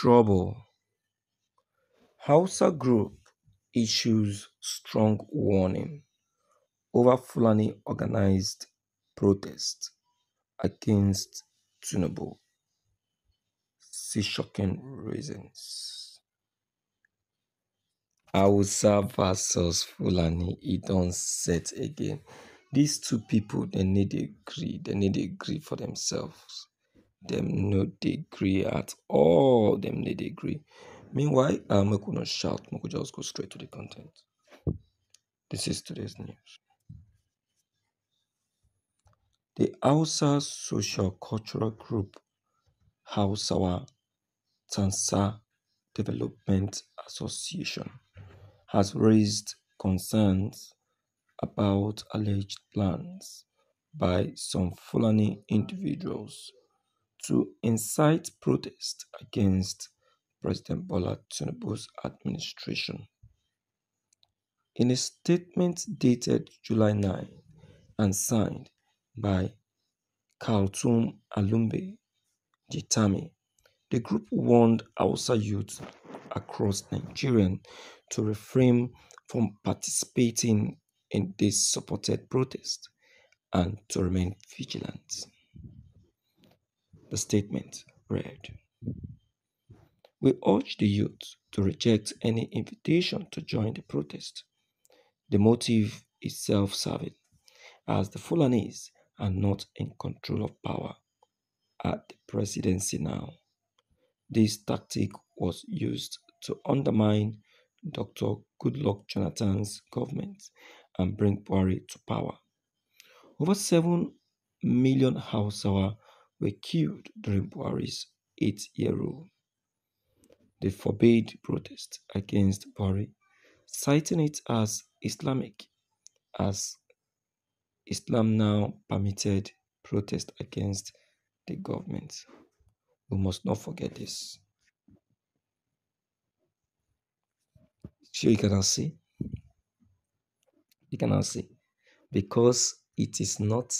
trouble. Hausa group issues strong warning over Fulani organized protest against Tinubu. See shocking reasons. Hausa versus Fulani, it don't set again. These two people, they need a agree. They need a agree for themselves. Them no degree at all. Them no degree. Meanwhile, i I going not shout. I am gonna just go straight to the content. This is today's news. The Hausa Social Cultural Group, Hausawa Tansa Development Association, has raised concerns about alleged plans by some Fulani individuals to incite protest against President Bola Tinubu's administration. In a statement dated July 9 and signed by Kaltum Alumbe Jitami, the group warned Hausa youth across Nigeria to refrain from participating in this supported protest and to remain vigilant. The statement read We urge the youth to reject any invitation to join the protest. The motive is self serving, as the Fulanese are not in control of power at the presidency now. This tactic was used to undermine Dr. Goodluck Jonathan's government and bring Buhari to power. Over 7 million Hausawa were killed during Buhari's eight-year rule. They forbade protests against Buhari, citing it as Islamic, as Islam now permitted protest against the government. We must not forget this. you cannot see. You cannot see. Because it is not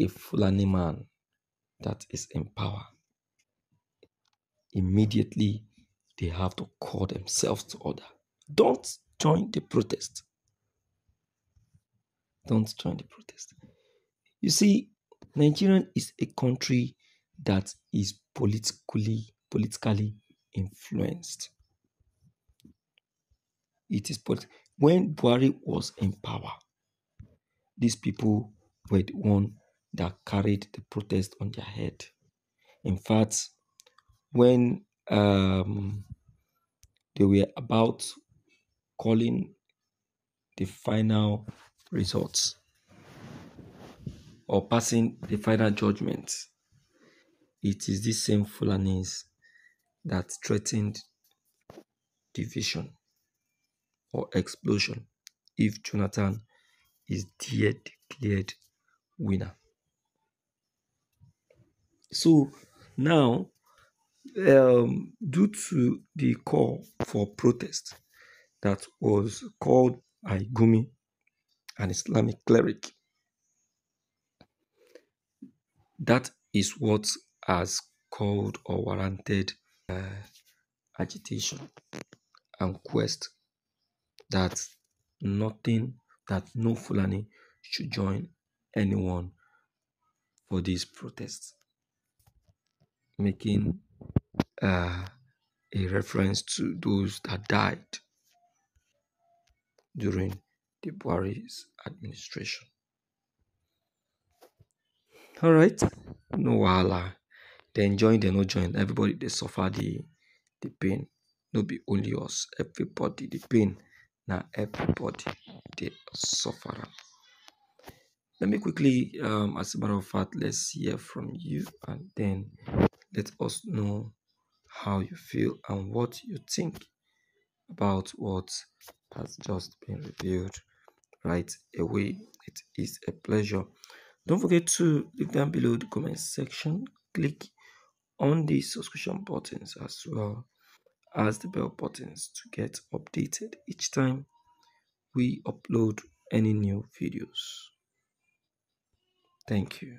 a Fulani man that is in power. Immediately, they have to call themselves to order. Don't join the protest. Don't join the protest. You see, Nigeria is a country that is politically politically influenced. It is polit- when Buhari was in power, these people were the one that carried the protest on their head. In fact, when um, they were about calling the final results or passing the final judgment, it is this same Fulanis that threatened division or explosion if Jonathan is declared winner. So now, um, due to the call for protest that was called by Gumi, an Islamic cleric, that is what has called or warranted uh, agitation and quest that nothing that no Fulani should join anyone for these protests making uh, a reference to those that died during the Buhari's administration. All right, no wahala. They enjoy. they not join. Everybody they suffer the the pain. No be only us. Everybody the pain. Now everybody they suffer. Let me quickly, um, as a matter of fact, let's hear from you, and then let us know how you feel and what you think about what has just been revealed right away. It is a pleasure. Don't forget to leave down below the comment section, click on the subscription buttons as well as the bell buttons to get updated each time we upload any new videos. Thank you.